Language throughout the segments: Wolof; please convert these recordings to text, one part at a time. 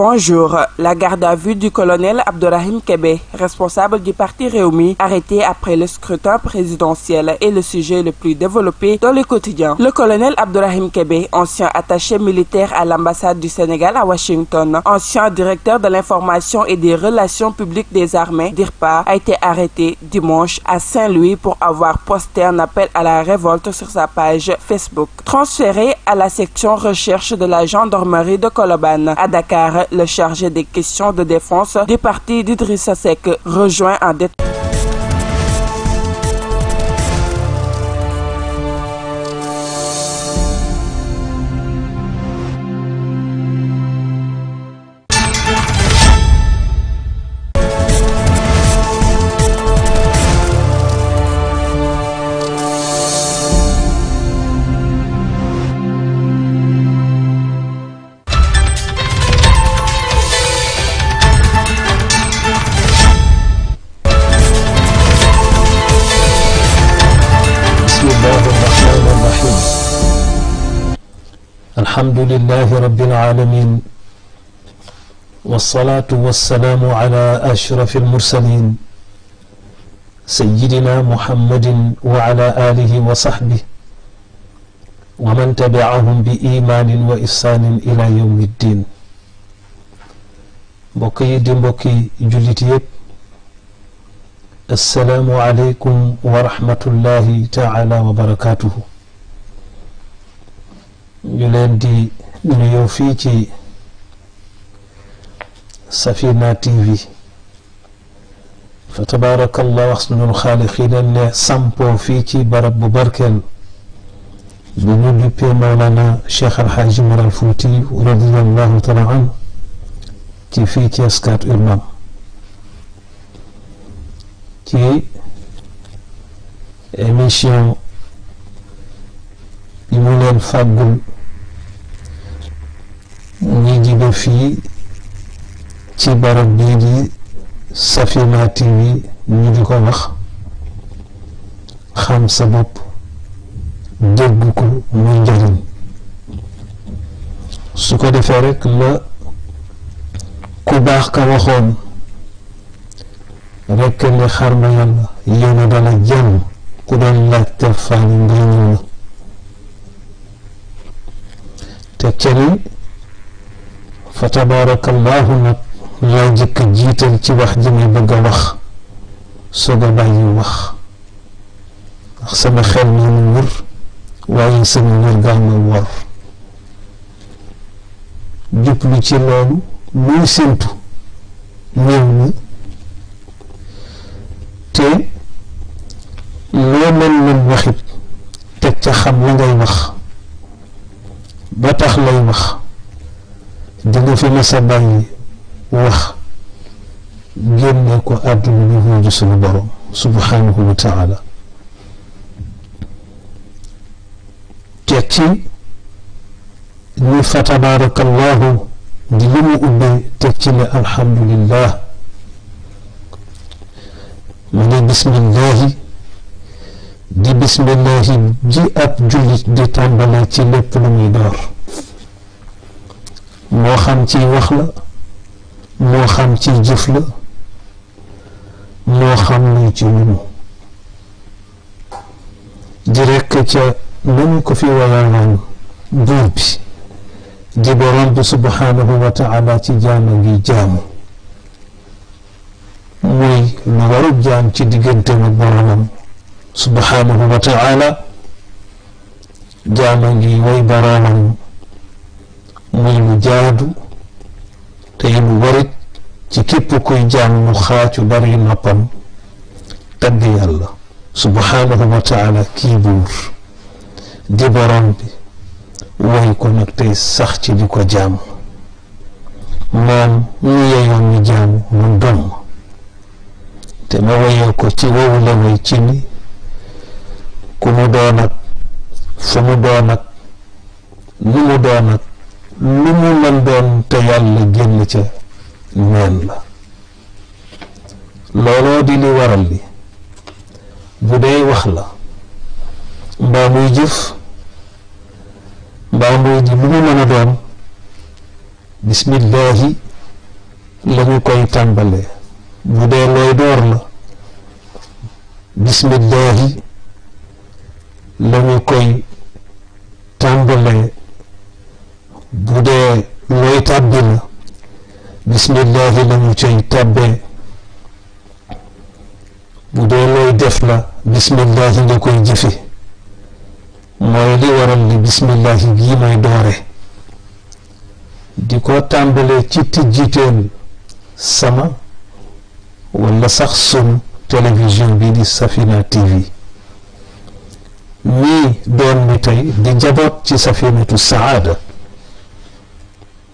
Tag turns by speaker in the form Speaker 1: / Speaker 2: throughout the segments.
Speaker 1: Bonjour. La garde à vue du colonel Abdullahim Kebe, responsable du parti Réumi, arrêté après le scrutin présidentiel, est le sujet le plus développé dans le quotidien. Le colonel Abdullahim Kebe, ancien attaché militaire à l'ambassade du Sénégal à Washington, ancien directeur de l'information et des relations publiques des armées, DIRPA, a été arrêté dimanche à Saint-Louis pour avoir posté un appel à la révolte sur sa page Facebook. Transféré à la section recherche de la gendarmerie de Colobane à Dakar, le chargé des questions de défense du parti d'Idrissa rejoint un détail.
Speaker 2: الحمد لله رب العالمين والصلاة والسلام على أشرف المرسلين سيدنا محمد وعلى آله وصحبه ومن تبعهم بإيمان وإحسان إلى يوم الدين بقي دمبكي جلتي السلام عليكم ورحمة الله تعالى وبركاته ñu leen di nuyoo fii ci Safina TV fa tabarakallah ahsanul xaaliqiina ne sampoo fii ci barab bu barkeel bu ñu duppee Mawlana Cheikh Al Hadj Umar Al Fouti radiyallahu taala anhu ci fii ci Scat Urbam ci émission yi mu leen fàggul ñi jibe fii ci barab bii di Safina TV ñu di ko wax xam sa bopp dégg ko muy njëriñ su ko defee rekk la ku baax ka waxoon rekk ne xarma yàlla yéena dala jàmm ku doon laajte fànn mbir la te cani fa tabarakallahu nag laa jëkk jiital ci wax ji ma bëgg a wax soog a bàyyi wax ndax sama xel maa ma wër waaye sama wërgaa ma wor jublu ci loolu muy séntu ñëw na te loo mën mën waxit teg ca xam la ngay wax ba tax lay wax di nga fi masa bàyyi wax génne ko àdduna bi wuuju suñu borom subhanahu wa taala teg ci ni fa tabaraka allahu di li mu ubbee teg ci ne alhamdulillah mu ne bismillahi di bismillahi ji ab jullit di tàmbalee ci lépp lu muy door moo xam ci wax la moo xam ci jëf la moo xam luy ci lumu di rekk ca nañu ko fi wayaaloon buur bi di borom bi subhanahu wa taala ci jaama ngi jaamu muy lu warub jaam ci diggante ak boromam subhanahu wa taala jaama ngi way boroomam muy lu jaadu tey lu warit ci képp kuy jaam mu xaacu bari noppam tagg yàlla subhanahu wa taala kii di borom way ko tey sax ci di ko jaamu moom ñu yeyoon ñu jaamu mu domm te ma wayee ko ci wowu la way ku mu doon ak fu mu doon ak lu mu doon ak lu mu mën doon te yàlla génn ca neen la looloo di li waral li bu dee wax la mbaa jëf mbaa muy lu mu mën a doon bismillaahi la ñu koy tàmbalee bu dee looy door la bismillaahi la ñu koy tàmbalee bu dee looy tàbbi la bismillahi la ñu tàbbee bu dee looy def la bismillahi nga koy jëfe mooy li waral ni bismillahi gii may doore di ko tàmbalee ci tijjiteel sama wala sax sunu télévision bi di Safina TV ñii doon ñu tey di jaboot ci safinatu saada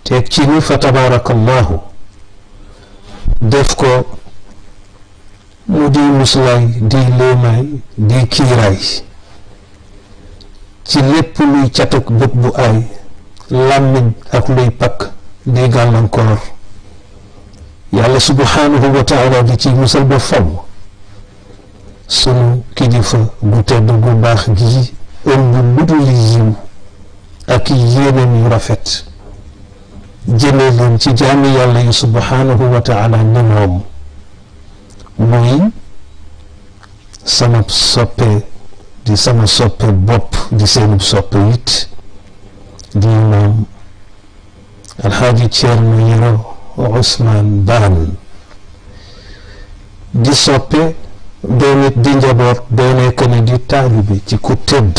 Speaker 2: teg ci ni fa tabarakallahu def ko mu di musulaay di léemaay di kiiraay ci lépp luy catuk bët bu aay làmmiñ ak luy pakk di gàllankoor yàlla subhanahu wa taala di ci musal ba faw sunu kilifa gu tedd gu baax gi ëmb ludul yiw ak yéeneen yu rafet jëmee leen ci jaami yàlla yi subhaanahu wa taala ni moom mooy sama soppe di sama soppe bopp di seenub soppe it di moom alxaaji Ceerno Yero Ousmane Ban di soppe day nit di njaboot day nekk ne di taalibe ci ku tëdd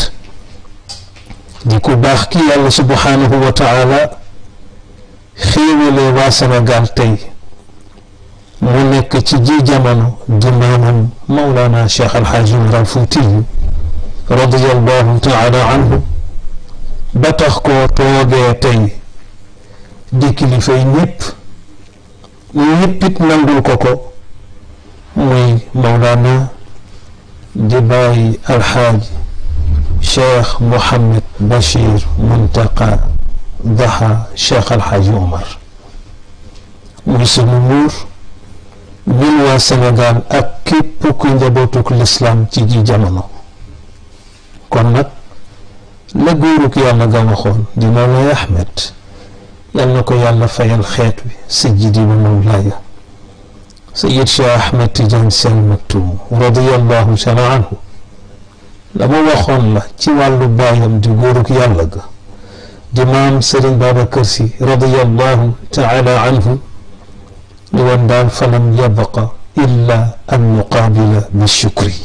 Speaker 2: di ku baax ki yàlla subhanahu wa taala xéewalee waa Sénégal tey mu nekk ci ji jamono di maamam Mawlana Cheikh Al Hadj Umar Al Fuutiyu radiyallahu taala anhu ba tax koo toogee tey di kilifay ñëpp ñëpp it nangul ko ko. muy Mawlana di bàyyi alxaaji cheikh Mouhamed Bachir Muntaqa Daha cheikh alxaaji Omar muy sunu muur waa Sénégal ak képp ku njabootuk lislaam ci ji jamono kon nag la góorug yàlla ga waxoon di Mawlaay Ahmed yal na ko yàlla fayal xeet wi sajjidi ba Mawlaaya Sayyid Cheikh Ahmed Tidiane Sy Al Maktoum radiyallahu taala anhu la ma waxoon la ci wàllu baayam di góorug yàlla ga di maam Serigne Babacar Sy radiyallahu taala anhu li woon daal falam yabaqa illa an nuqaabila bi shukri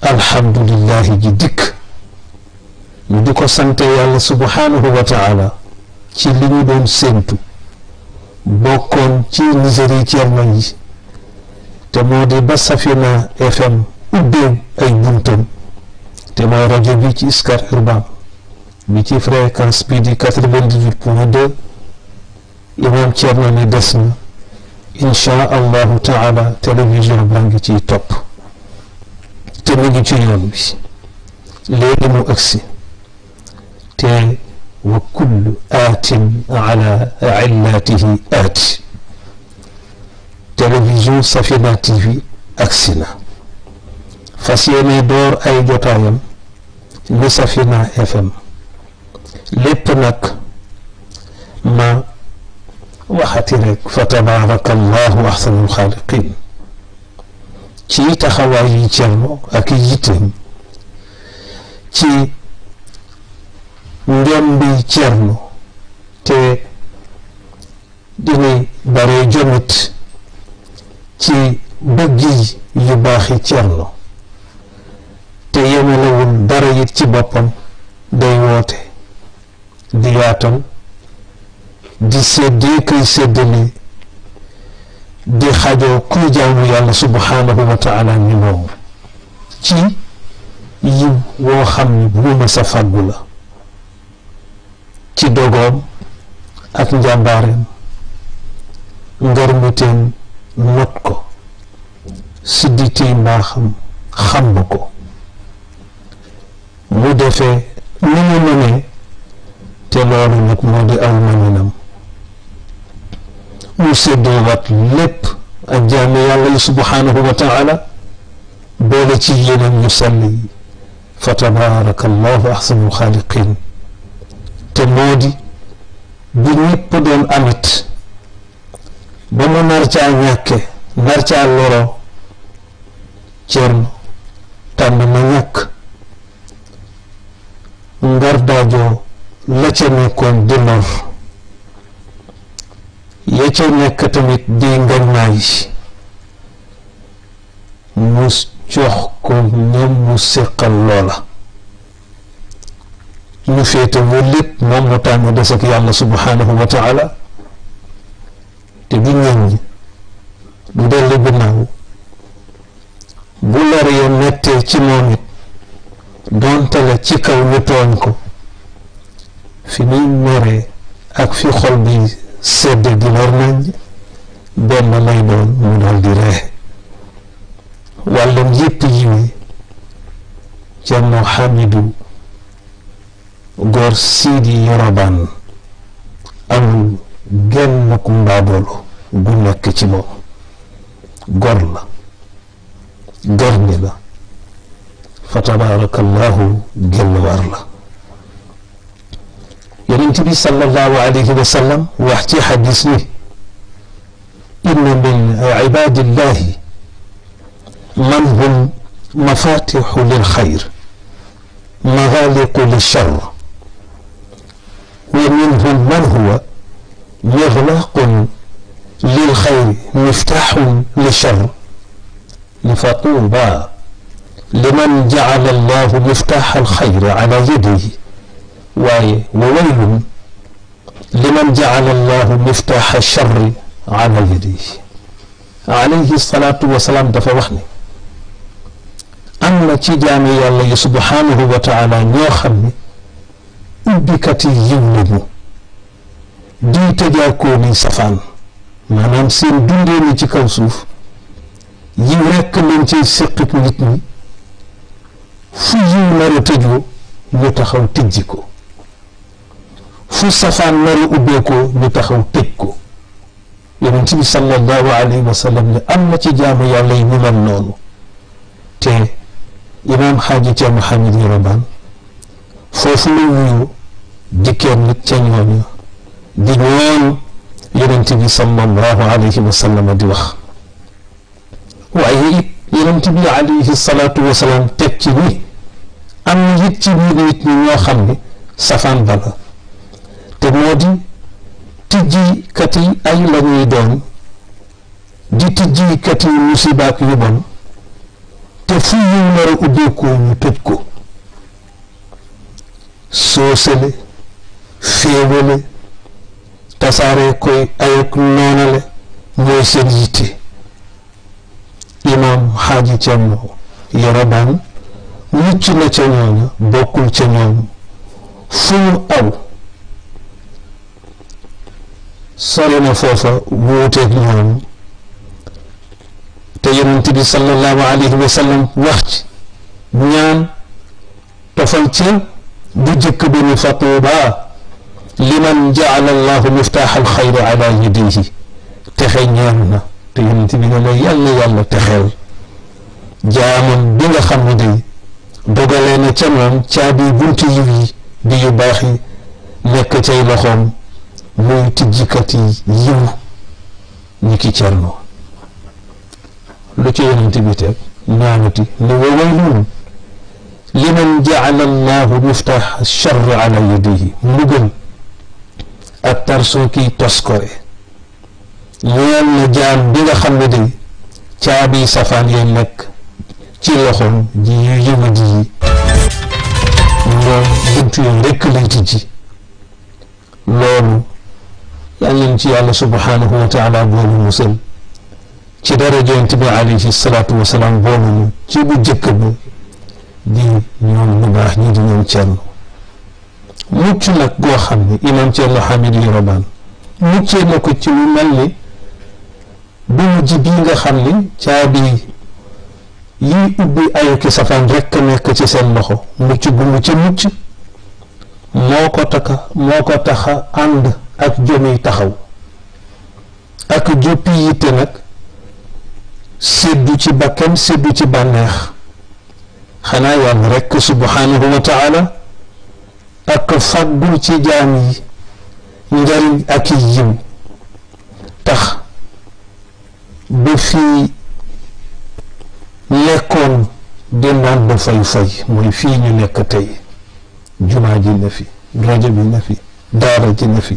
Speaker 2: alhamdulillahi ji dikk ñu di ko sante yàlla subhanahu wa taala ci li ñu doon séentu bokkoon ci niserie Ceerno yi te moo de ba Safina FM ubbee ay buntam te mooy rajo bi ci Scat Urbam bi ci fréquence bi di quatre vingt dix imaam Ceerno ne des na incha allahu taala télévision baa ngi ciy topp te mu ngi ci yoon bi léegi mu agsi te وكل آت على علاته آت تلفزيون صفينا تي في أكسنا فسيني دور أي جوتايم لصفينا اف ام لبنك ما وخاتيرك فتبارك الله أحسن الخالقين كي تخواي جرمو أكي جتهم séddee koy séddale di xajoo kuy jaamu yàlla subhaanahu wa taala ci yiw woo xam ni bu ma sa fàggu la ci dogoom ak njàmbaareem ngarmuteem not ko sidditey mbaaxam xamb ko mu defee lu mu mënee te loolu nag moo di aw maninam ñu séddoowaat lépp ak jaame subhaanahu wa taala boole ci yéneen ñu sell yi fa tabaraka allahu axsanul xaaliqin te moo di bu doon amit ba mu nar caa ñàkke nar caa loro cern tànn ma ñàkk ngar daajoo la ca nekkoon di lor ya ca nekk tamit di ngànnaay mu jox ko ñam mu séqal loola ñu féete mu lépp moom mu tànn des ak yàlla subhanahu wa taala te du ñañ du dellu gannaaw bu lor ya mettee ci moom it donte la ci kaw ñu tooñ ko fi muy meree ak fi xol bi sedd di lor nañ benn lay doon mu doon di ree wàllam yépp yiwe Cerno Xamidu góor Siidi Yorobaan amul genn ku mbaaboolu gu nekk ci moom góor la góor ni la fa tabaarakallaahu génn waar la يرنت صلى الله عليه وسلم واحتي حديثني إن من عباد الله من هم مفاتح للخير مغالق للشر ومنهم من هو مغلاق للخير مفتاح للشر لفطوبى لمن جعل الله مفتاح الخير على يده waaye wa waylun liman jacala allahu miftaaxa charri ala yadihi alayhi salaatu wa salaam dafa wax ne am na ci jaami yàlla yi subhaanahu wa taala ñoo xam ne ubbikati yiw lañu di tëjaakoo ni safaan ci kaw suuf yiw rekk lañ ciy séqit nit fu yiw nar a tëjoo ñu taxaw ko fu safaan nari ubbeekoo ñu taxaw tëj ko yonent bi sallallahu alayhi am na ci jaamu yàlla yi ñu mel noonu te imaam xaaji ca Mouhamed Yoroban foofu la wuyu dikkee nag ca ñooñu di ñaan yonent bi sallallahu alayhi wa sallam di wax waaye it yonent bi alayhi salaatu ci ni am na it ñoo xam ne safaan bala te moo di tijjikat yi ay la doon di tijjikat yi musibaak yu bon te fu yiw nar a ubbeekoo ñu tëj ko soosale féewale tasaare koy ayok noonale mooy seen yitte imaam xaaji cam yorobaan mucc na ca ñooña bokkul ca ñoom fu aw sori na foofa wuuteeg ñoom te yonent bi sallallahu alayhi wa sallam wax ci ñaan tofal ci bu jëkk bi ni fa tuuba liman jaala allahu miftaax alxayri ala yadihi texe ñaan na te yonent bi ne yàlla yàlla texeel jaamam bi nga xam ne day dogalee na ca moom caabi buntu yi di yu baax nekk cay loxoom mooy tijjikati yiw ñi ki cerno lu ci yonent bi teg ñaanuti ne wa waylun liman jaala allahu miftax charr ala yadihi mbugal ak tarson kiy toskore ñeel na jaam bi nga xam ne day caabi safaan ya nekk ci loxoom ji yu yëwadi yi moom buntu yi rekk lay tijji loolu yal nañ ci yàlla subhaanahu wa taala boolu musal ci daraja yonent bi alayhi salaatu wa salaam booluñu ci bu jëkk bi di ñoom ñu baax ñi di ñoom Thierno mucc nag goo xam ne imam ko ci lu mel ni bu mujj bii nga xam ni caabi yiy ubbi ayu ki safaan rekk nekk ci seen loxo mucc bu mu ca moo ko taka moo ko taxa ànd ak jëmi taxaw ak joppi yité nak séddu ci bakkan séddu ci banex xana yàlla rek subhanahu wa taala ak fagu ci jami ngari ak yim tax bu fi lekkoon di naan ba fay fay moy fi ñu nekk tay juma ji na fi rajo bi na fi dara ji na fi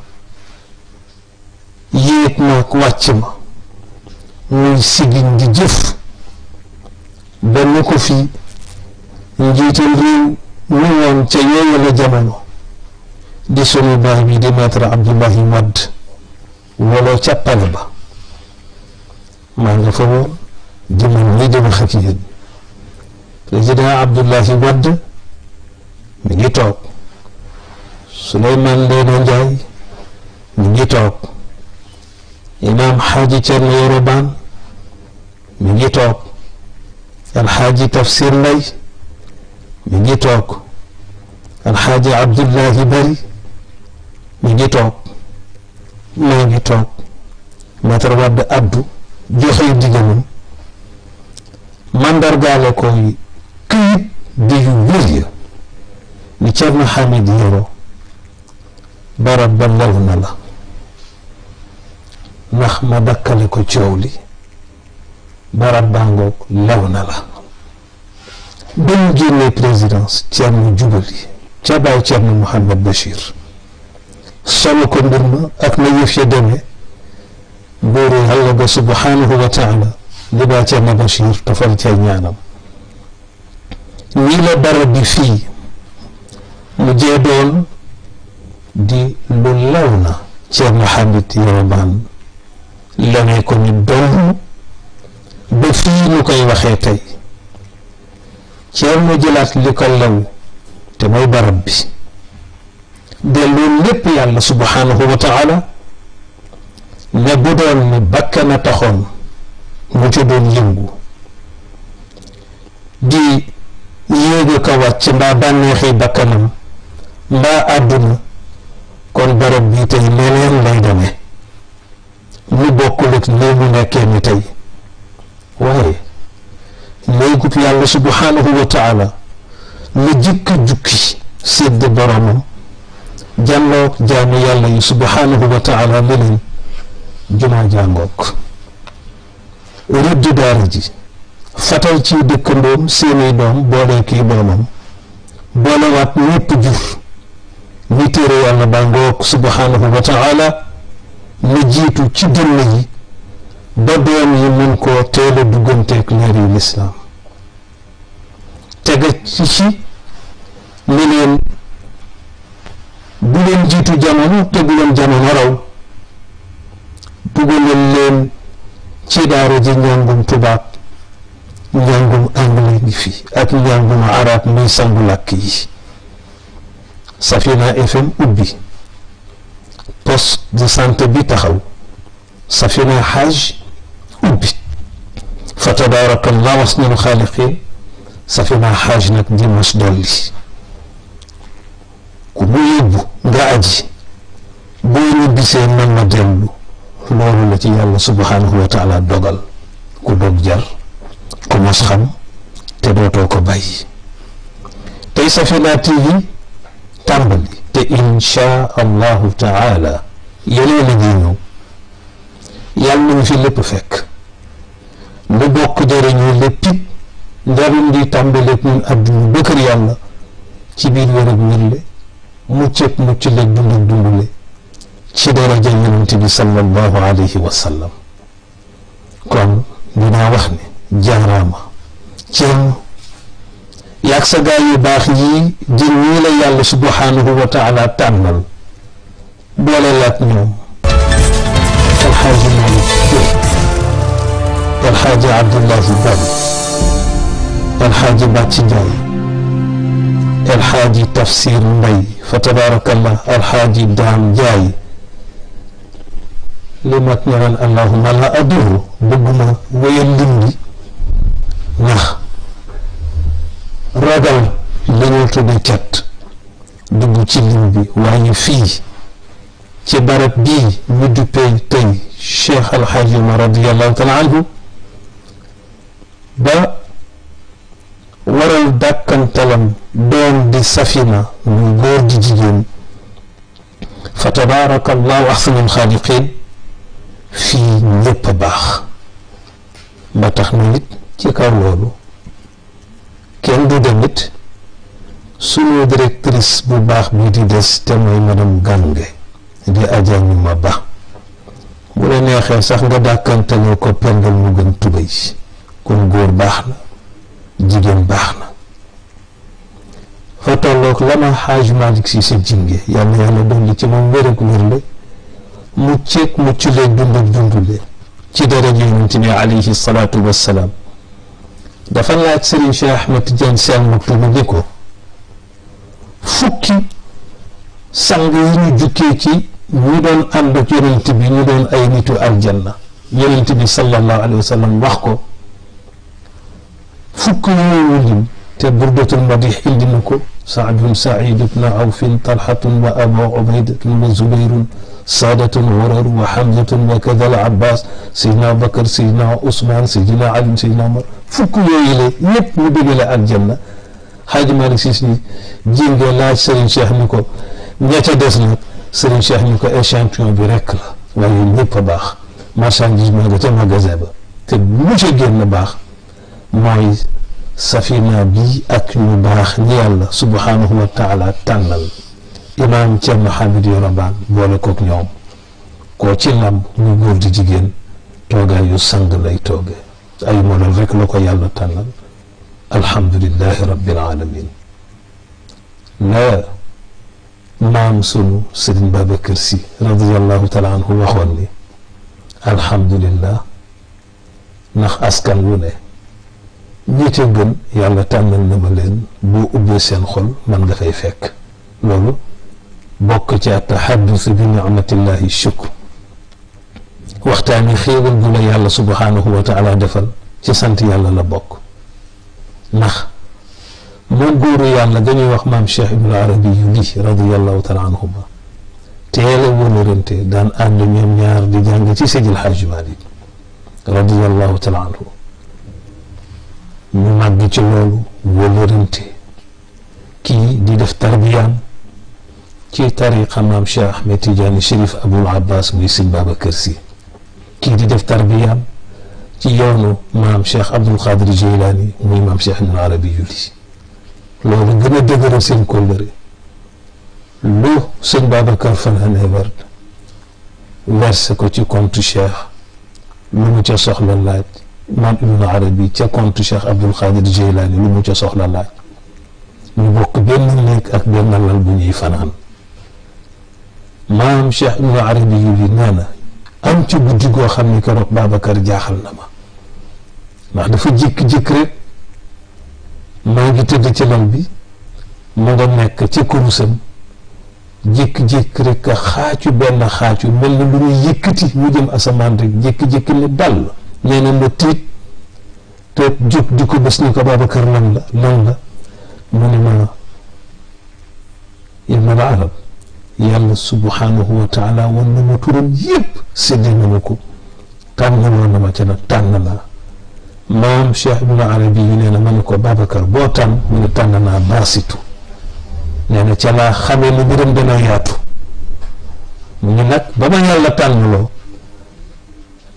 Speaker 2: yéeg naa ko wàcc ma muy siggin di jëf benn ko fi njiital réew mu woon ca yooyu la jamono di sunu baay bi di maître Abdoulaye Wade waloo ca pale ba maa nga fa woon jamono li dama xëkk président Abdoulaye Wade mi ngi toog Souleymane Ndéné Ndiaye mi ngi toog imaam xaaji Cerno Yorobaan mi ngi toog alxaaji Tafsir Lay mi ngi toog alxaaji Abdullahi Bari mi ngi toog maa ngi toog matar wadd addu joxe digalam mandargaale ko këyit di yu wér ya ni Cerno Xamid yoroo barab ba law na la ndax ma dakkale ko coow li barab bàngoog lew na la ba ñu génnee présidence Thierno jubali ca bàyyi Thierno Mouhamed Bachir solo ko mbir ak na yëf ya demee buuru yàlla ba subhanahu wa taala li baa Thierno Bachir tofal cay ñaanam nii la barab bi fii mu jee doon di lu lew na Thierno Hamid Yoroban lone ko ñu doon ba fii ñu koy waxee tey ceerno jëlaat li ko lew te muy barab bi delloo lépp yàlla subhanahu wa taala ne bu doon ni bakkan a taxoon mu ci doon yëngu di yéega ko wàcc mbaa bànneexi bakkanam mbaa àdduna kon barab bi tey leneen lay demee lu bokkul ak léegi nekkee ni tey waaye léegub yàlla subhaanahu wa taala la jëkk a jukki sédd boromam jàlloog jaamu yàlla yi subhaanahu wa taala ne leen jumaa jàngoog rëdd daara ji fatal ci dëkkandoom seeni doom boolee kii boromam boolewaat ñépp jur ñi téere yàlla bàngoog subhaanahu wa taala mu jiitu ci dënn yi ba doom yi mën koo teel a dugganteeg leer yu lislaam tega ci ci li leen bu leen jiitu jamono te bu leen jamono raw dugalal leen ci daara ji njàngum tubaab njàngum anglais ngi fi ak njàngum arab muy sangu làkk yi Safina FM ubbi de santé bi taxaw safina xaaj ubbi fa tabarakallah wasnul xaaliqin safina xaaj nag di mas dolli ku mu yóbbu nga aji boo ñibbisee man ma dellu loolu la ci yàlla subhanahu wa taala dogal ku dog jar ku mas xam te dootoo ko bàyyi tey safina tv tàmbali te insha allahu taala yeneen a ngi ñëw yàlla nañu fi lépp fekk nu bokk jëriñu lépp it ndarum di tàmbaleeg ñun àdduna ba kër yàlla ci biir wér ak wérle mucc ak mucc la dund dundule ci daraja yonent bi sallallahu alayhi wa sallam kon dinaa wax ne jaaraama ceerno yaag sa gaay yu baax yi jën ñii la yàlla subhanahu wa tànnal boole laat ñoom alxaaji Malick Diop alxaaji Abdoulahi Bari alxaaji Bàcci Njaay alxaaji Tafsir Mbay fa tabaarakallah alxaaji Daam Njaay li mag ñëwaan allahuma la aduru bëgguma wéyal lim bi ndax ragal dañoo tudde cat ci lim bi waaye ci barab bii ñu duppee tey Cheikh Alxaaji Umar radiallahu taala anhu ba waral dàkkantalam doom di safina muy góor di jigéen fa tabaraka allahu axsanul xaaliqin fii lépp baax ba tax na nit ci kaw loolu kenn du demit sunu directrice bu baax bi di des te mooy madame Gange di aja ñu ma ba bu la neexee sax nga dàkkantalee ko pendal mu gën tubay kon góor baax na jigéen baax na fa tolloog la ma xaaj Malick si sa jinge yàlla yàlla dolli ci moom wér ak wérle mu ceeg mu ci dund ak dundule ci daraja yonent bi alayhi salaatu wassalaam dafa laaj Serigne Cheikh Ahmed Tidiane seen mu Maktoum ni ko fukki sang yi ñu jukkee ci ñi doon ànd ak yonent doon ay nitu aljanna yonent bi sallallahu alayhi wa sallam wax ko fukk yooyu lim te burdatul madix indi na ko saadun saidu bna awfin talhatun wa abu ubaydatun wa zubayrun saadatun warar wa hamzatun wa kada al abbas bakar sayidna usman sayidna ali sayidna mar fukk yooyu la ñëpp ñu dégale aljanna xaaji malik sis ni jéngee laaj sëriñ cheikh ni ko ña ca des nag سرین شاه نیکا اشان چون برکلا ولی نیپا باخ ما شنیدیم مگه تو مگه زب تو میشه گیر نباخ ما سفینا بی اکنون باخ نیال سبحانه و تعالی تنل امام چه محمد یا ربان بول کوکنیام کوچی لب نگور دیگین توگه یو سنگ لی توگه ای مولا رک لکا یالو تنل الحمدلله رب العالمین نه مام سنو سيدن بابكر سي رضي الله تعالى عنه وخواني الحمد لله نخ أسكن ونه نيتنغن يالا تامل نمالين بو أبوسين خل من غفاي فك لولو بوك جاء تحدث بنعمة الله الشكر وقتاني خير بنا يالا سبحانه وتعالى دفل جسانت يالا لبوك نخ مغور يان لدني وحمام شيخ ابن عربي يبي رضي الله تعالى عنهما تيلا ونرنت دان أن دم يمنيار دي جانج تيسج الحاج مالي رضي الله تعالى عنه مماجي تلولو ونرنت كي دي دفتر بيان كي طريق امام شيخ احمد تيجان الشريف ابو العباس ويسن باب كرسي كي دي دفتر بيان كي يونو امام شيخ عبد القادر جيلاني ومام شيخ عربي يوليسي loolu gën a dëgëral seen kóllëre lu sëñ Babacar fanaane werd verse ko ci compte cheikh lu mu ca soxla laaj maam ibnu arabi ca compte cheikh abdul xaadir jeylaani lu mu ca soxla laaj ñu bokk benn néeg ak benn lal bu ñuy fanaan maam cheikh ibnu arabi yi bi nee na am ci guddi goo xam ni keroog Babacar jaaxal na ma ndax dafa jékki-jékki rek maa ngi tëdd ci lal bi mu nga nekk ci kurusam jékki-jékki rek xaacu benn xaacu mel na lu ñuy yëkkati mu jëm asamaan rek jékki-jékki ne dal nee ma tiit te jóg di ko bés ni ko Babacar lan la lan la mu ne ma yemma la yàlla subhanahu wa taala na ma turam yépp séddee na ma ko tànnaloo na ma ca nag tànn laa moom Cheikh Ibnu Arabi yi nee na ma ne ko Babacar boo tànn mu ne tànn naa baasitu nee na ca laa xamee lu mbiram dana yaatu ñu nag ba ma yàlla tànnloo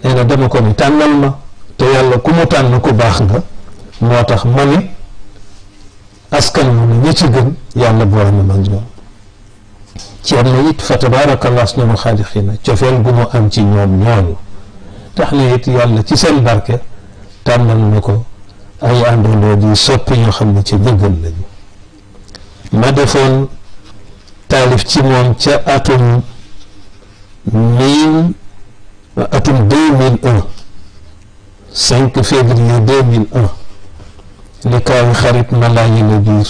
Speaker 2: nee na dama ko ni tànnal ma te yàlla ku mu tànn ku baax nga moo tax ma ni askan wi ñi ci gën yàlla boole na mag ñoom ceerno it fa tabaarakallah suñu xaalixiina cofeel gu mu am ci ñoom ñooñu tax na it yàlla ci seen barke tànnal nako ay àndandoo di soppi ñu xamni ci dëggal lañu ma defoon talif ci moom ca atum mille atum 2001 5 février 2001 li un kaay xarit ma laaj la biir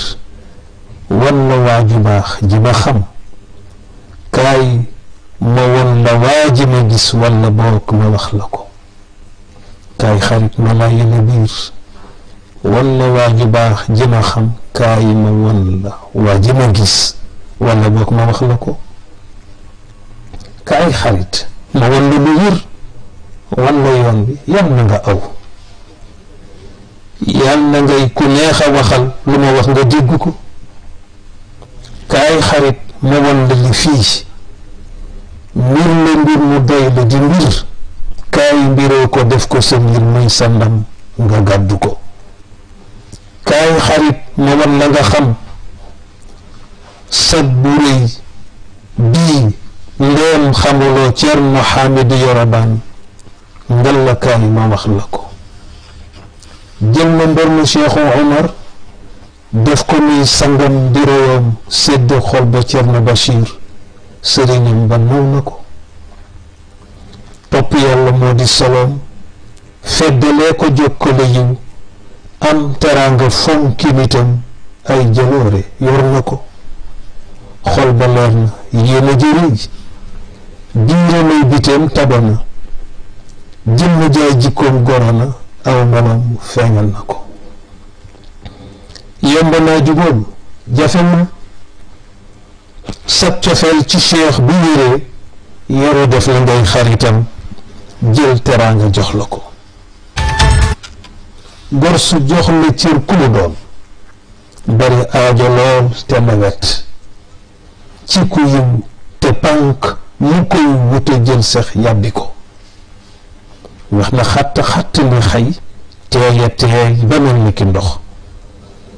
Speaker 2: wan la waa ju baax ji ma xam kaay ma won la waa ji ma gis wala bokk ma wax la ko kaay xarit ma laa yéene biir wan la waa ju baax ji ma xam kaay ma wan la waa ji ma gis wala boog ma wax la ko kaay xarit ma wan la lu wér wan la yoon bi yal na nga aw yal na ngay ku neex a waxal lu ma wax nga dégg ko kaay xarit ma wan la li fii mbir la mbir mu doy la di mbir kaay mbiroo ko def ko sa mbir muy sa nga gàddu ko kaay xarit ma wan la nga xam sag bu bii ndeem xamuloo ceer Mohamed Yorobaan ngal la kaay ma wax ko jëmm mbër mu Omar def ko muy sangam di royam sédd xol ba Cerno Bachir sëriñam ba naw na ko topp yàlla moo di soloom feddalee ko jokkale yiw am teraanga fonki nitam ay jaloore yor na ko xol ba leer na yéen a jëriñ biiramay biteem tabana jëmm jaay jikkoom gorana aw manam feeñal na ko yomb naa jubóobu jafe na sab cofeel ci cheikh bi wéree yaru def la ngay xaritam jël teraanga jox la ko gor su jox la cër ku mu doon bari aajo lool te nawet ci ku yëg te pànk mu koy wute jël sax yàbbi ko wax na xàtt xàtt li xay teeye teey ba mel ni ki ndox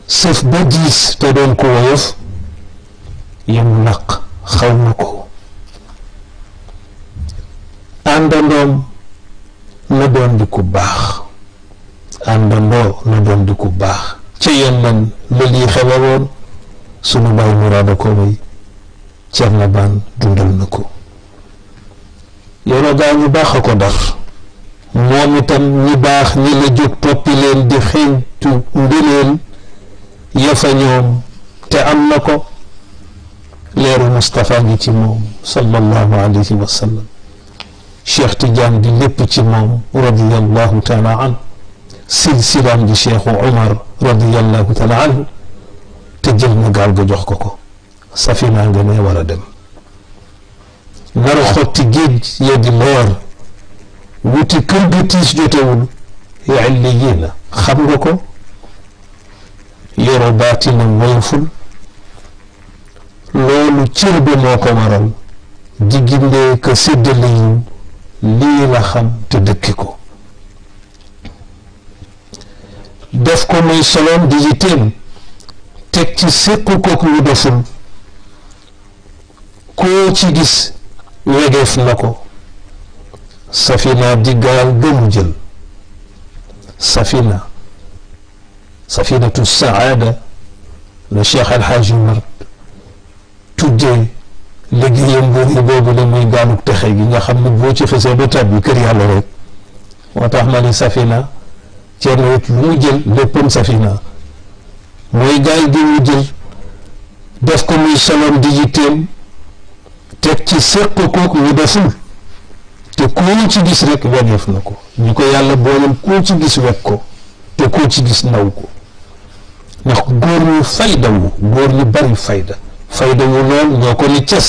Speaker 2: sëf ba diis te doon ko woyof yam naq xaw na ko àndandoo na doon di ku baax àndandoo na doon di ku baax ca Yemen la lii xewe woon sunu baay muraada ko way Cerno Baan dundal na ko yoona gaa ñu baax a ko def moom itam ñi baax ñi la jóg toppi leen di xeeñtu ngëneel yafa ñoom te am na ko leeru Mustapha ngi ci moom sallallahu alayhi wa cheikh Tidiane di lépp ci moom radiallahu taala an silsilaam di cheikhu Umar radiallahu taala anhu te jël na gaal ga jox ko ko safinaa nga ne war a dem nar a xotti géej ya di loor wuti kër ga tiis jotewul illiyiina xam nga ko yoroo baatinam woyoful loolu cër bi moo ko waral di gindee ka séddale yiw lii la xam te dëkki ko def ko muy soloon di yitteem teg ci séqu kook ñu deful koo ci gis wegeef na ko safina di gaal gëmu jël safina safinatu saada la cheikh alxaaji mar tuddee liggéeyam boobu boobu la muy gaanug texe gi nga xam ne boo ci xësee ba tàbbi kër yàlla rek moo tax ma ne safina ceer wet lu mu jël léppam safina mooy gaal gi mu jël def ko muy solom di yitteem teg ci séq kooku ñu deful te koo ci gis rek weneef na ko ñu ko yàlla boolem koo ci gis wet ko te koo ci gis naw ko ndax góor ñu fayda wu góor ñu bari fayda fayda wu noonu ñoo ko li ces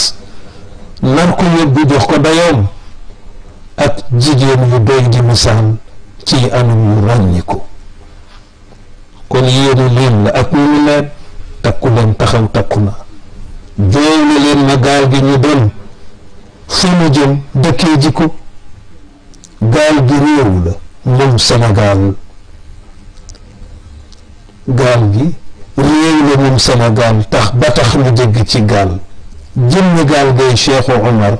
Speaker 2: nar ko yóbbu jox ko dayoom ak jigéen yu doy ji mu saam ci anam yu ràññiku kon yéenu leen la ak ñu leen takku leen taxaw takku na jooy na leen na gaal gi ñu doon fi mu jëm dëkkee ji ko gaal gi réew la moom Sénégal gaal gi réew la moom Sénégal tax ba tax mu jëgg ci gaal jëmm gaal gay Cheikhu Omar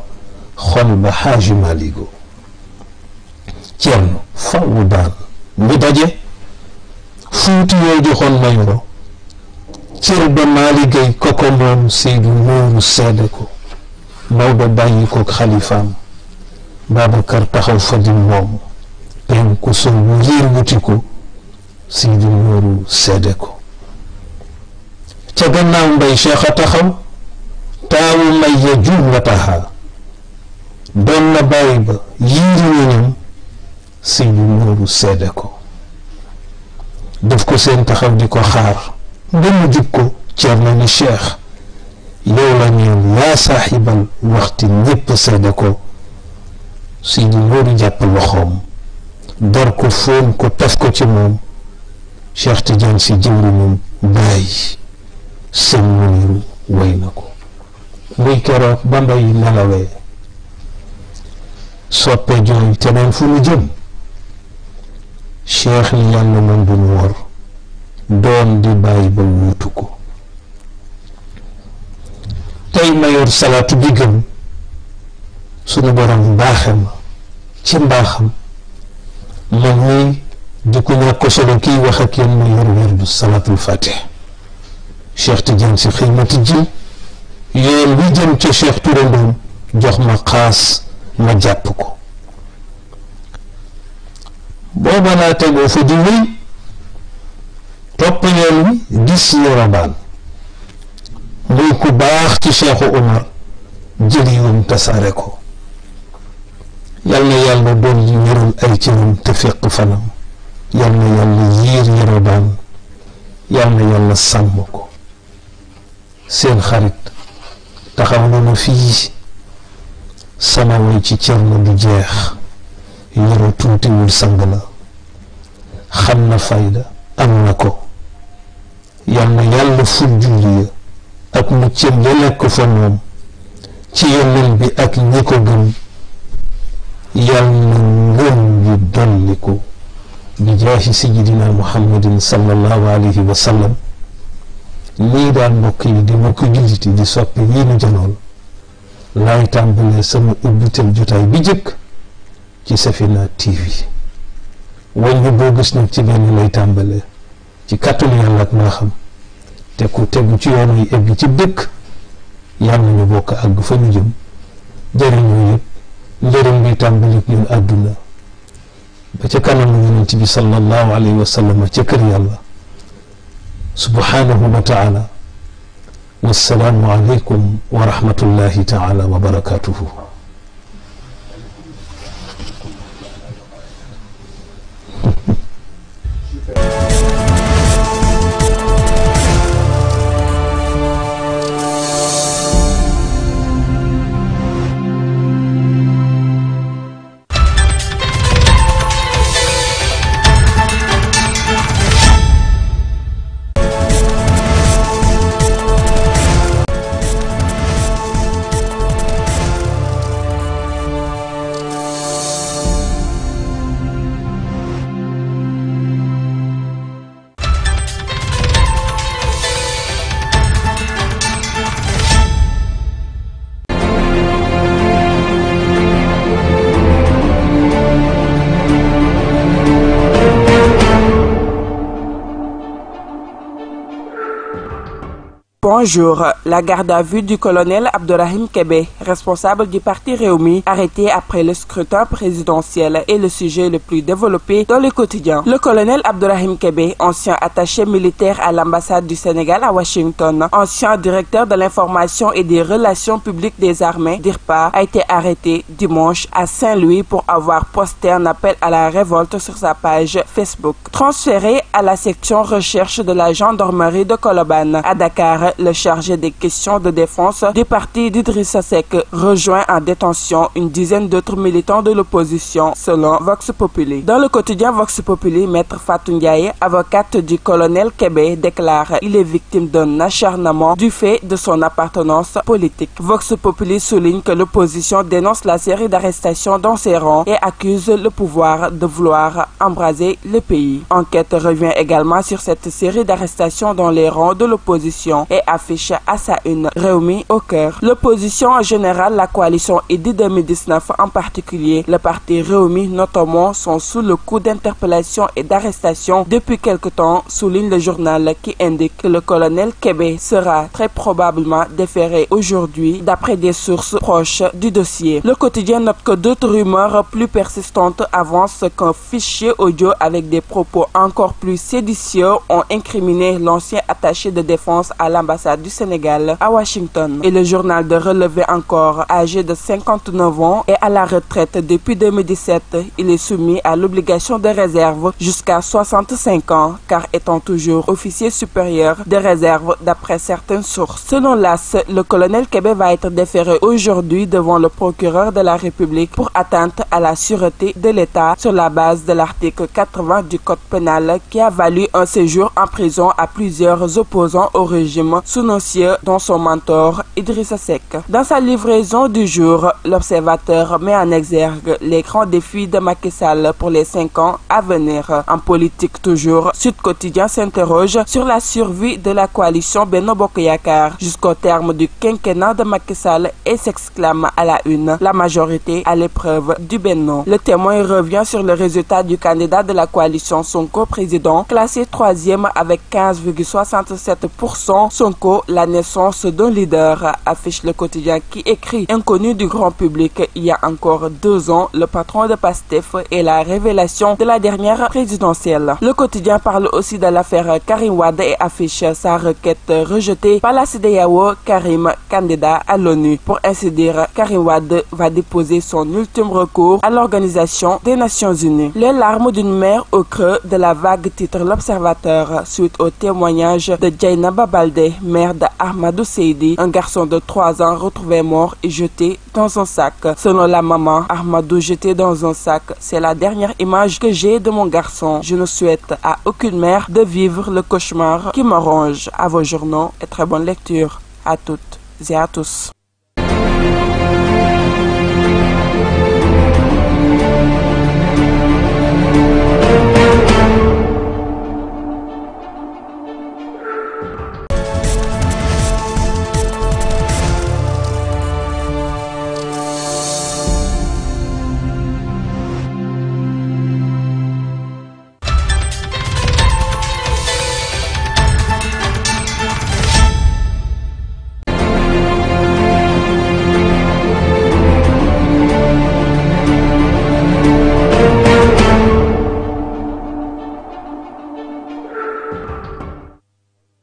Speaker 2: xol ba xaaji Maligo Cerno fawu daal mu daje fuuti yoo joxoon Mayoro cër ba Maali Gay koko moom Seydou Nooru seede ko Maodo bàyyi ko xalifaam Babacar taxaw fa di moom penku sow bu riir wuti ko Seydou Nooru seede ko ca gannaaw mbay cheikh a taxaw taawu may ya jur wa taxaa doon na bàyyi ba yiiri weñam sëñ bi mooru sedde ko def ko seen taxaw di ko xaar ba mu jub ko cerno ni cheikh yow la ñeen yaa saaxibal waxti ñépp sedde ko sëñ bi mooru jàpp loxoom dar ko fóon ko taf ko ci moom cheikh Tidiane si jëwriñam bàyyi sëñ Muniiru way na ko muy keroog ba mbay nelawee soppe jooy te neen fu nu jëm cheikh ni yàlla moom du ñu wor doom di bàyyi ba wuutu ko tey mayor salaatu bi gëm sunu borom baaxe ma ci mbaaxam man ñuy di ko ñàkk solo wax ak yéen mayor werdu salaatul fatih Cheikh Tidiane si xëymati ji yéen bi jëm ca Cheikh turandoom jox ma xaas ma jàpp ko booba laa tegoo fa di wéy topp gis yorobaan muy ku baax ci Cheikhu Umar jël yoon tasaare ko yal na yàlla doon yërëm ay cëram te fekk fanam yal yàlla yiir yorobaan yal yàlla sàmm ko seen xarit taxaw na ma fii sama way ci cerno du jeex yaru tuutiwul sang la xam na fayda am na ko yal na yàlla ful julli ya ak mu cër ya lekk fa moom ci yeneen bi ak ñi ko gëm yal na ngëm yu dolliku bi jaahi sayyidina muhammadin sallallahu alayhi wa lii daal mbokk yi di bokk jullit yi di soppi yii nu janoon laay tàmbalee sama ubbital jotaay bi jëkk ci Safina TV wàññi boo gis nag ci benn lay tàmbalee ci kàttul yàlla ak maa xam te ku tegu ci yoon yu egg ci dëkk yàlla ñu bokk àgg fa ñu jëm jëriñoo yëpp njëriñ bi tàmbali ñun àdduna ba ca kanamu yonent bi sallallahu alayhi wa sallam ca kër yàlla سبحانه وتعالى والسلام عليكم ورحمة الله تعالى وبركاته
Speaker 1: Bonjour. La garde à vue du colonel Abdourahim Kebe, responsable du parti Réumi, arrêté après le scrutin présidentiel, est le sujet le plus développé dans le quotidien. Le colonel Abdelrahim Kebe, ancien attaché militaire à l'ambassade du Sénégal à Washington, ancien directeur de l'information et des relations publiques des armées, DIRPA, a été arrêté dimanche à Saint-Louis pour avoir posté un appel à la révolte sur sa page Facebook. Transféré à la section recherche de la gendarmerie de Colobane à Dakar, le chargé des questions de défense du parti d'Idrissa Seck, rejoint en détention une dizaine d'autres militants de l'opposition, selon Vox Populi. Dans le quotidien Vox Populi, Maître Fatou avocate du colonel Kebé, déclare il est victime d'un acharnement du fait de son appartenance politique. Vox Populi souligne que l'opposition dénonce la série d'arrestations dans ses rangs et accuse le pouvoir de vouloir embraser le pays. Enquête revient également sur cette série d'arrestations dans les rangs de l'opposition et affiché à sa une Réumi au cœur. L'opposition en général, la coalition ED 2019 en particulier, le parti Réumi notamment, sont sous le coup d'interpellation et d'arrestation depuis quelque temps, souligne le journal qui indique que le colonel Québec sera très probablement déféré aujourd'hui d'après des sources proches du dossier. Le quotidien note que d'autres rumeurs plus persistantes avancent qu'un fichier audio avec des propos encore plus séditieux ont incriminé l'ancien attaché de défense à l'ambassade du Sénégal à Washington. Et le journal de relevé encore, âgé de 59 ans et à la retraite depuis 2017, il est soumis à l'obligation de réserve jusqu'à 65 ans, car étant toujours officier supérieur de réserve d'après certaines sources. Selon l'AS, le colonel Québec va être déféré aujourd'hui devant le procureur de la République pour atteinte à la sûreté de l'État sur la base de l'article 80 du Code pénal qui a valu un séjour en prison à plusieurs opposants au régime son ancien dont son mentor Idrissa Seck. Dans sa livraison du jour, l'observateur met en exergue les grands défis de Macky Sall pour les cinq ans à venir. En politique toujours, Sud Quotidien s'interroge sur la survie de la coalition Beno Bokoyakar jusqu'au terme du quinquennat de Macky Sall et s'exclame à la une la majorité à l'épreuve du Beno. Le témoin revient sur le résultat du candidat de la coalition, son co-président classé troisième avec 15,67%. Son la naissance d'un leader, affiche le quotidien qui écrit Inconnu du grand public il y a encore deux ans, le patron de PASTEF et la révélation de la dernière présidentielle. Le quotidien parle aussi de l'affaire Karim Wade et affiche sa requête rejetée par la CDAO Karim, candidat à l'ONU. Pour ainsi dire, Karim Wade va déposer son ultime recours à l'Organisation des Nations Unies. Les larmes d'une mère au creux de la vague titre l'Observateur suite au témoignage de Jaina balde mère d'Ahmadou Seidi, un garçon de 3 ans retrouvé mort et jeté dans un sac. Selon la maman, Ahmadou jeté dans un sac, c'est la dernière image que j'ai de mon garçon. Je ne souhaite à aucune mère de vivre le cauchemar qui m'arrange. À vos journaux et très bonne lecture à toutes et à tous.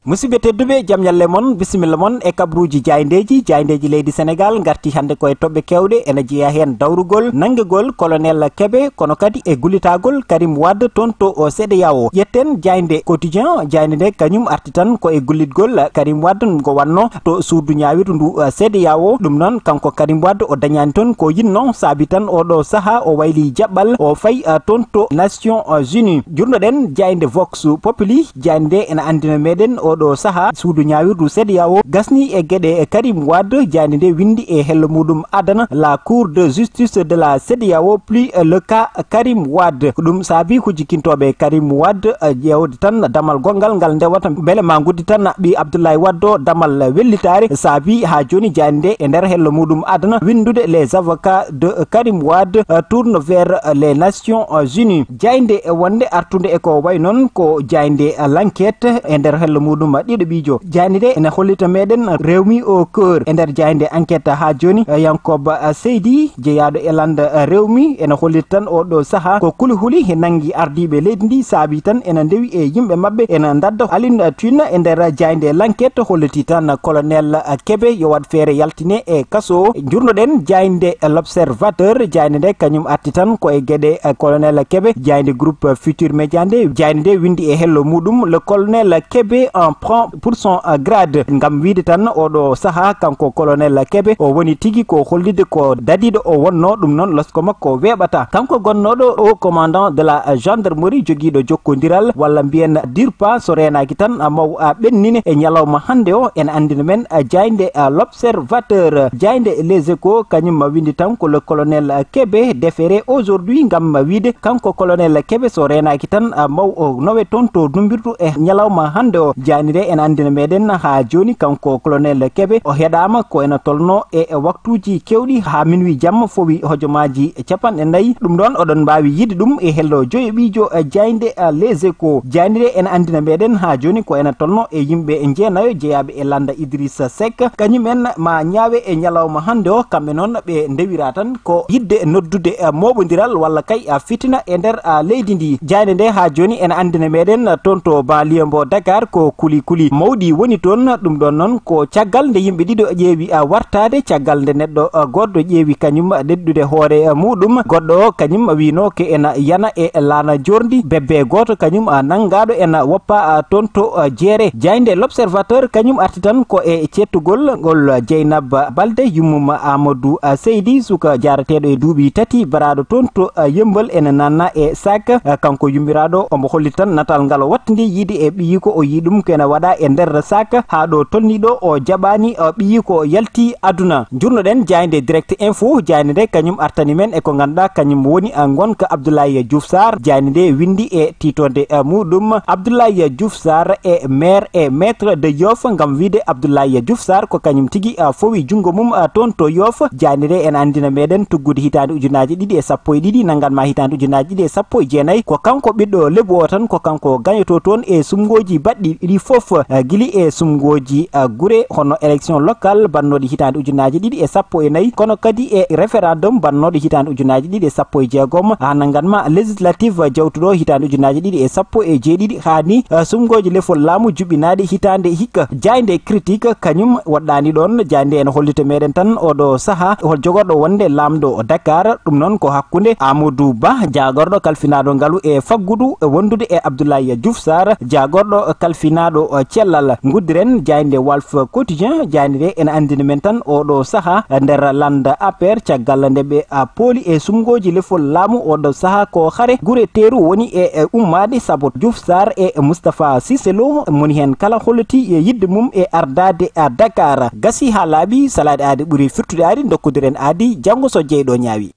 Speaker 3: musibe tedduɓe jaam yalle moon bisimilla moon e kabruji jayndeji jayndeji leydi sénégal garti hande koye toɓɓe kewɗe ene jeeya hen dawrugol nanggegol colonel keɓe kono kadi e gullitagol karim wad toon to o seeɗa yawo ƴetten jayde quotidien jayde nde kañum arti tan koye gullitgol karim wad go wanno to suudu ñawitu ndu uh, seeɗa yawo ɗum noon kanko karim wad o dañani toon ko yinno saabi tan oɗo saaha o wayli jaɓɓal o fayi uh, toon to nation unie jurnoɗen jayde vox populi nde ene andina meɗen o oɗo saaha suudu ñawirdu seeɗa gasni e gueɗe e karim wade jani nde windi e hello muɗum adana la cour de justice de la CEDEAO plus le cas karim wade ko ɗum saabi hujikintoɓe karim wade e ƴewde tan damal gongal ngal ndewata beele ma guddi tan ɓi abdoulaye waddo damal wellitare saabi ha joni jani nde e nder hello muɗum adana windude les avocats de karim wade e tourne vers les nations unies jaynde wonde artude e ko way noon ko jaynde l'enquête e nder hello muɗum ɗum ɗiɗo ɓijo janire ene hollita meɗen rewmi au keur e nder jayde enquête ha joni yankoba seydi jeeyaɗo e landa rewmi ene hollita tan oɗo saaha ko kulihuli nangui ardiɓe leydi ndi saabi tan ene dewi e yimɓe mabɓe ene dadda alin tuna e nder jayde l'enquête holliti tan colonel kebe yo wat feere yaltine e kaso jurnoɗen jayde l'observateur jayde nde kañum arti tan koye gueɗe colonel keɓe jayde groupe futur média nde jayde nde windi e hello muɗum le colonel kebe en prend pour son grade gam wiide tan oɗo saaha kanko colonel keɓe o woni tigi ko hollide ko dadiɗo o wonno ɗum noon lasko makko weɓata kanko gonnoɗo o commandant de la gendarmerie joguiɗo jokkodiral walla mbiyen dirpa so renaki tan maw ɓennine e ñalawma hande o en andina men jaynde l'observateur jaynde les échos kañum windi tan ko le colonel keɓe defere aujourd'hui gam wiide kanko colonel keɓe so renaki tan maw o nowe toon to dumbirdu e ñalawma hande o jani nire en andina meɗen ha joni kanko colonel keɓe o heɗama ko ene tolno e waktuji kewɗi ha min wi jamma fowi hojomaji capanɗe nayyi ɗum ɗon oɗon mbawi yiide ɗum e hello joyo ɓijo jaynde les éco janire en andina meɗen ha joni ko ene tolno e yimɓe jeenayo jeeyaɓe e landa idrissa sek kañumen ma ñaawe e ñalawma hande o kamɓe noon ɓe dewira tan ko yidde noddude moɓodiral walla kay fitina e nder leydi ndi jaynde nde ha joni ene andina meɗen toon to baliyembo dakar ko kuli kuli kuli mawɗi woni toon ɗum ɗon noon ko caggal nde yimɓe ɗiɗo ƴeewi wartade caggal nde neɗɗo goɗɗo ƴeewi kañum ɗeddude hoore muɗum goɗɗo o kañum wino ke ena yana e laana jorndi bebbe goto kañum nanggaɗo ena woppa toon to jeere jaynde l' observateur kañum arti tan ko e cettugol ngol jeynab balde yummum amadou seydi suka jareteɗo e duuɓi tati baraɗo toon to yembal ene nanna e sac kanko yummiraɗo omo holli tan natal ngal wattidi yiide e ɓiyi ko o yiɗum kena ina waɗa e nder sac ha ɗo tolniɗo o jaɓani o ɓiyi ko yalti aduna jurnoɗen jayde direct info jayde nde kañum artani men e ko ganduɗa kañum woni gonka abdoulaye diouf sar jayde nde windi e titode e muɗum abdoulaye diouf sar e maire e maître de yof gam wiide abdoulaye diouf sar ko kañum tigui fowi junggo mum toon to yof jayde nde en andina meɗen tuggude hitande ujunaji ɗiɗi e sappo e ɗiɗi nagganma hitande ujunaji ɗiɗi e sappo e jeenayyi ko kanko ɓiɗɗo lebbo o tan ko kanko gañoto toon e sumgoji baɗɗi ɗiɗi fo fof eh, guili e sumgoji eh, gure hono élection local bannoɗi hitande ujunaji ɗiɗi e sappo e nayyi kono kadi e référendum bannoɗo hitande ujunaji ɗiɗi e sappo e jeegom ha ah, hananganma législative eh, jawtuɗo hitande ujunaji ɗiɗi e sappo e jeeɗiɗi hani sumgoji lefol laamu juɓɓinaɗi hitande hikka jaynde critique kañum waɗɗani ɗon jaynde en hollito meɗen tan oɗo saaha hol jogorɗo wonde lamɗo dakar ɗum noon ko hakkude amadou ba jagorɗo kalfinaɗo ngaalu e faggudu wondude e abdoulaye diouf sar jagorɗo kalfinaɗo oɗo uh, cellal gudiren jaynde walf quotidien jaynide ene andini men tan oɗo saaha uh, nder landa apr caggal nde ɓe uh, pooli e sumgoji lefol laamu oɗo saaha ko haare guure teeru woni e, e ummade saabu diouf sar e moustapha siselo moni hen kala holloti e yidde mum e ardade a dakar gasi ha laaɓi salade aade ɓuuri firtude aadi dokkudiren aadi janggo so jeyɗo ñaawi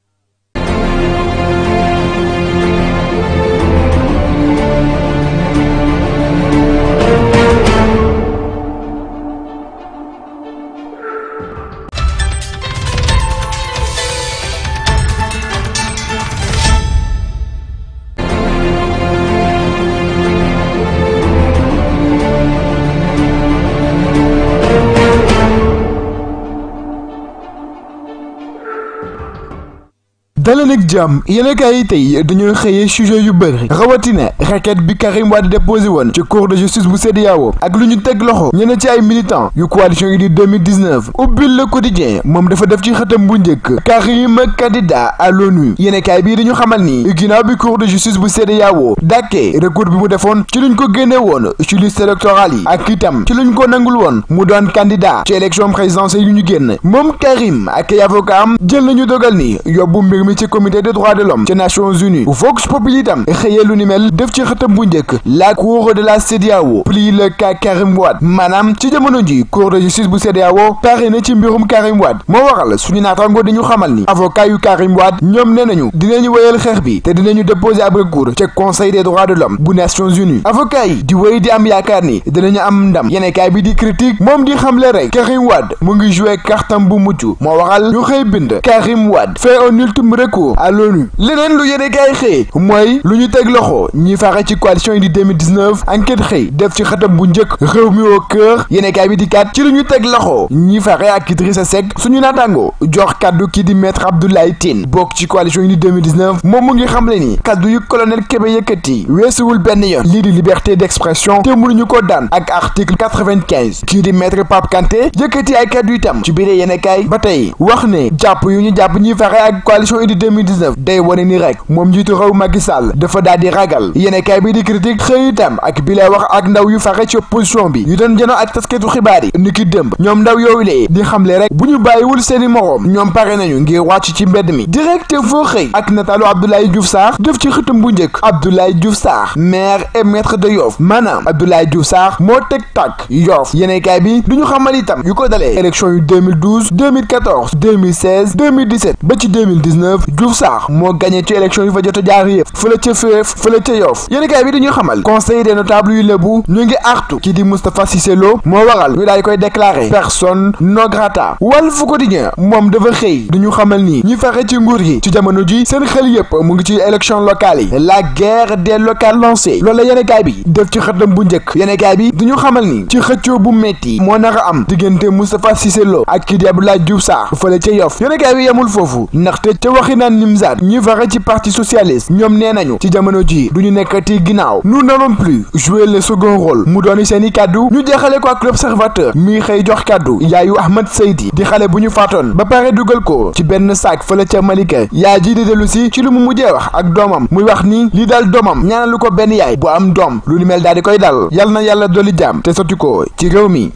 Speaker 4: daleen ak jàmm yéenekaay yi tey dañoo xëyee sujet yu bëri rawatina requête bi Karim Wade déposé woon ci cour de justice bu CEDEAO ak lu ñu teg loxo ñeneen ci ay militants yu coalition yi di 2019 ubbil le quotidien moom dafa def ci xëtam bu njëkk Karim candidat à l'ONU yéenekaay bii dañu xamal ni ginnaaw bi cour de justice bu CEDEAO dàkkee recours bi mu defoon ci luñ ko génne woon ci liste électorale yi ak itam ci ñu ko nangul woon mu doon candidat ci élection présidentielle yu ñu génn moom Karim ak ay avocat am jël nañu dogal ni yóbbu mbir mi ci comité des droits de l'homme ci nations unies vox populi itam xëyee ni mel def ci xëtam bu la cour de la CEDEAO Pli le cas Karim Wade manam ci jamono cour de justice bu CEDEAO pare na ci mbirum Karim Wade mo waral suñu naataango diñu xamal ni avocat yu Karim Wade ñom nenañu nañu dinañu wëyel xex bi te dinañu déposer ab cour ci conseil des droits de l'homme bu nations unies avocat yi di wéy di am yaakaar ni dinañu am ndam kay bi di critique mom di le rek Karim Wade mu ngi joué kartam bu muccu mo waral ñu xey bind Karim Wade fait un ultime wàññeeku à l'ONU leneen lu yéene kaay xëy mooy lu ñu teg loxo ñi fare ci coalition yi di 2019 enquête xëy def ci xatam bu njëkk réew mi au cœur Yene kaay bi di kat ci lu ñu teg loxo ñi fare ak Idrissa Seck suñu naataango jox kaddu ki di maître Abdoulaye Tin. Bok ci coalition yi di 2019 moom mu ngi xamle kaddu yu colonel Kébé yëkkati weesuwul benn yoon lii di liberté d'expression te mënuñu ko daan ak article 95 kii di maître Pape Kanté yëkkati ay kaddu itam ci biir yéene kaay ba tey wax ne jàpp yu ñu ñi fare ak coalition bi di 2019 day wane ni rek moom njiitu réew Macky Sall dafa daal di ragal yéenekaay bi di critique xëy itam ak bi lay wax ak ndaw yu faxe ci opposition bi yu doon jënoo ak tasketu xibaar yi ni ki dëmb ñoom ndaw yooyu lee di xamle rek bu ñu bàyyiwul seeni moroom ñoom pare nañu ngir wàcc ci mbedd mi direct foo xëy ak nataalu Abdoulaye Diouf Sarr def ci xëtam bu njëkk Abdoulaye Diouf Sarr maire et maître de Yoff maanaam Abdoulaye Diouf Sarr moo teg tàkk Yoff yéenekaay bi duñu 2019 Diouf Sarr moo gagné ci élection yu fa jot a jaar yëpp fële ca féef fële ca Yoff yéen kay bi di xamal conseil des notables yu lebu ñu ngi artu ki di Moustapha Cissé Lo moo waral ñu daal di koy déclaré personne no grata Walf Quotidien moom dafa xëy du xamal ni ñu fexe ci nguur yi ci jamono ji seen xel yëpp mu ngi ci élection locale yi la guerre des locales lancée loolu la yéen kaay bi def ci xëtam bu njëkk yéen kaay bi du xamal ni ci xëccoo bu metti moo nar a am diggante Moustapha Cissé Lo ak ki di Abdoulaye Diouf Sarr fële ca Yoff yéen kay bi yemul foofu ndaxte ca wax waxinaan nimzaat ñi fare ci parti socialiste ñoom nee nañu ci jamono ji nekk nekkati ginnaaw nous n'allons plus jouer le second rôle mu dooni seeni kàddu ñu jeexale ko ak l'observateur mi xëy jox kàddu yaayu Ahmed Seydi di xale bu ñu faatoon ba pare dugal ko ci benn saak fële ca Malika yaay ji di dellu si ci lu mu mujjee wax ak doomam muy wax ni li dal doomam ñaanalu ko benn yaay bu am doom lu ni mel daal di koy dal yal na yàlla dolli jaam te sotti ko ci réew mi